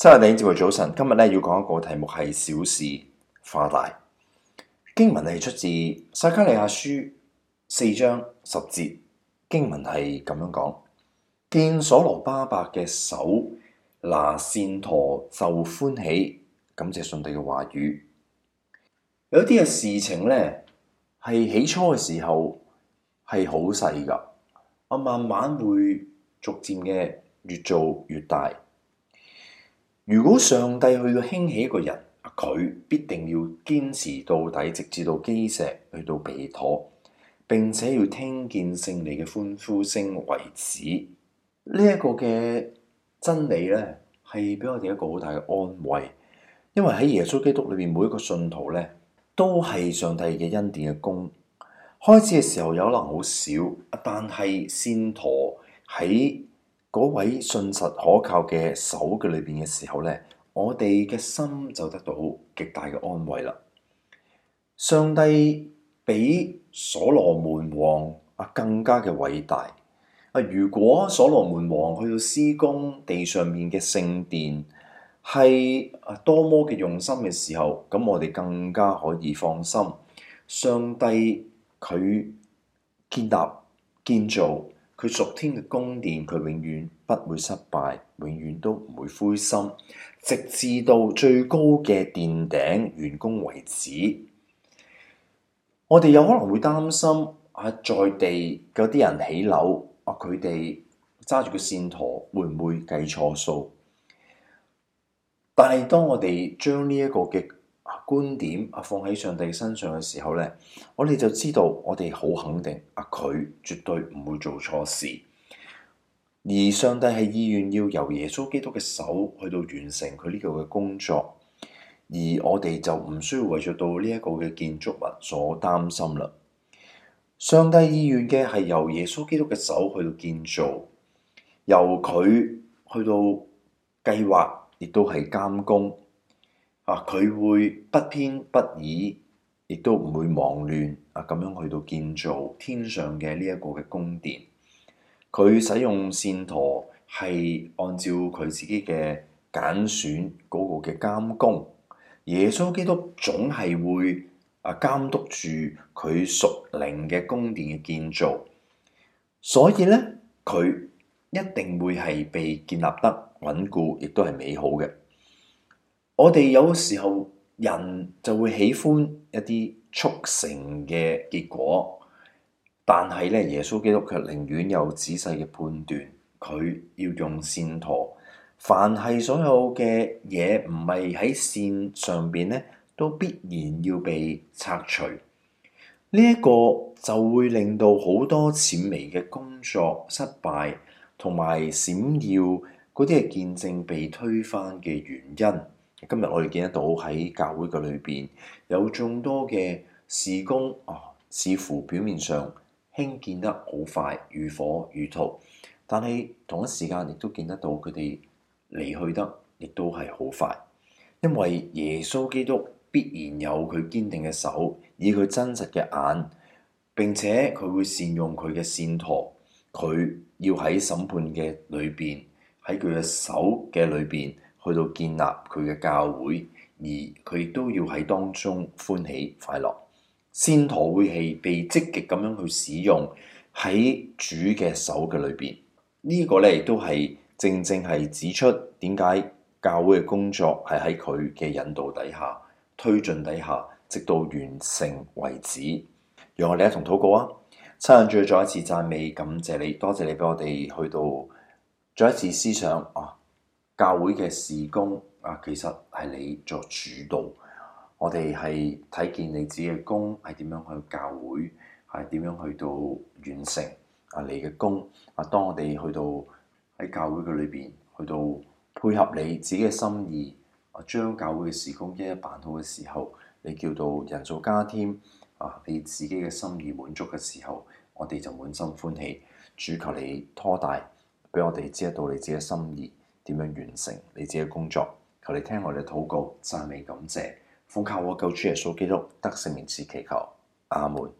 七日頂節，各位早晨。今日咧要講一個題目係小事化大。經文係出自撒迦利亞書四章十節。經文係咁樣講：見所羅巴伯嘅手拿線鉈就歡喜，感謝上帝嘅話語。有啲嘅事情咧係起初嘅時候係好細噶，我慢慢會逐漸嘅越做越大。如果上帝去到興起一個人，佢必定要堅持到底，直至到基石去到備妥，並且要聽見勝利嘅歡呼聲為止。這個、呢一個嘅真理咧，係俾我哋一個好大嘅安慰，因為喺耶穌基督裏面，每一個信徒咧都係上帝嘅恩典嘅工。開始嘅時候有可能好少，但係線鉈喺嗰位信實可靠嘅手嘅裏邊嘅時候咧，我哋嘅心就得到極大嘅安慰啦。上帝比所羅門王啊更加嘅偉大啊！如果所羅門王去到施工地上面嘅聖殿係啊多麼嘅用心嘅時候，咁我哋更加可以放心。上帝佢建立建造。佢屬天嘅宮殿，佢永遠不會失敗，永遠都唔會灰心，直至到最高嘅殿頂完工為止。我哋有可能會擔心啊，在地嗰啲人起樓啊，佢哋揸住個線鉈會唔會計錯數？但係當我哋將呢一個嘅。觀點啊，放喺上帝身上嘅時候呢，我哋就知道我哋好肯定，阿佢絕對唔會做錯事。而上帝係意願要由耶穌基督嘅手去到完成佢呢個嘅工作，而我哋就唔需要為咗到呢一個嘅建築物所擔心啦。上帝意願嘅係由耶穌基督嘅手去到建造，由佢去到計劃，亦都係監工。佢、啊、會不偏不倚，亦都唔會忙亂啊！咁樣去到建造天上嘅呢一個嘅宮殿，佢使用線鉈係按照佢自己嘅揀選嗰個嘅監工。耶穌基督總係會啊監督住佢屬靈嘅宮殿嘅建造，所以咧佢一定會係被建立得穩固，亦都係美好嘅。我哋有時候人就會喜歡一啲速成嘅結果，但係咧，耶穌基督卻寧願有仔細嘅判斷，佢要用線鉈。凡係所有嘅嘢唔係喺線上邊咧，都必然要被拆除。呢、這、一個就會令到好多諂媚嘅工作失敗，同埋閃耀嗰啲係見證被推翻嘅原因。今日我哋見得到喺教會嘅裏邊有眾多嘅事工，哦、啊，似乎表面上興建得好快，如火如荼，但係同一時間亦都見得到佢哋離去得亦都係好快，因為耶穌基督必然有佢堅定嘅手，以佢真實嘅眼，並且佢會善用佢嘅線鉈，佢要喺審判嘅裏邊，喺佢嘅手嘅裏邊。去到建立佢嘅教會，而佢都要喺當中歡喜快樂。線鉈會係被積極咁樣去使用喺主嘅手嘅裏邊，這個、呢個咧亦都係正正係指出點解教會嘅工作係喺佢嘅引導底下推進底下，直到完成為止。讓我哋一同禱告啊！親人再再一次讚美，感謝你，多謝你俾我哋去到再一次思想啊！教會嘅事工啊，其實係你作主導。我哋係睇見你自己嘅工係點樣去教會，係點樣去到完成啊？你嘅工啊，當我哋去到喺教會嘅裏邊去到配合你自己嘅心意，啊，將教會嘅事工一一辦好嘅時候，你叫到人數加添啊，你自己嘅心意滿足嘅時候，我哋就滿心歡喜，主求你拖大，俾我哋知道你自己嘅心意。點樣完成你自己嘅工作？求你聽我哋嘅禱告、讚美、感謝，奉靠我救主耶穌基督得勝名字祈求。阿門。